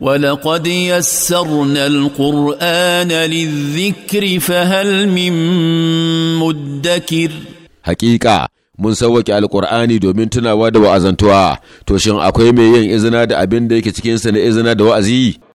ولقد يسرنا القرآن للذكر فهل من مدكر حقيقة mun sauwaƙe alƙur'ani domin tunawa da wa'azantuwa to shin akwai mai yin izina da abin da yake cikinsa na izina da wa'azi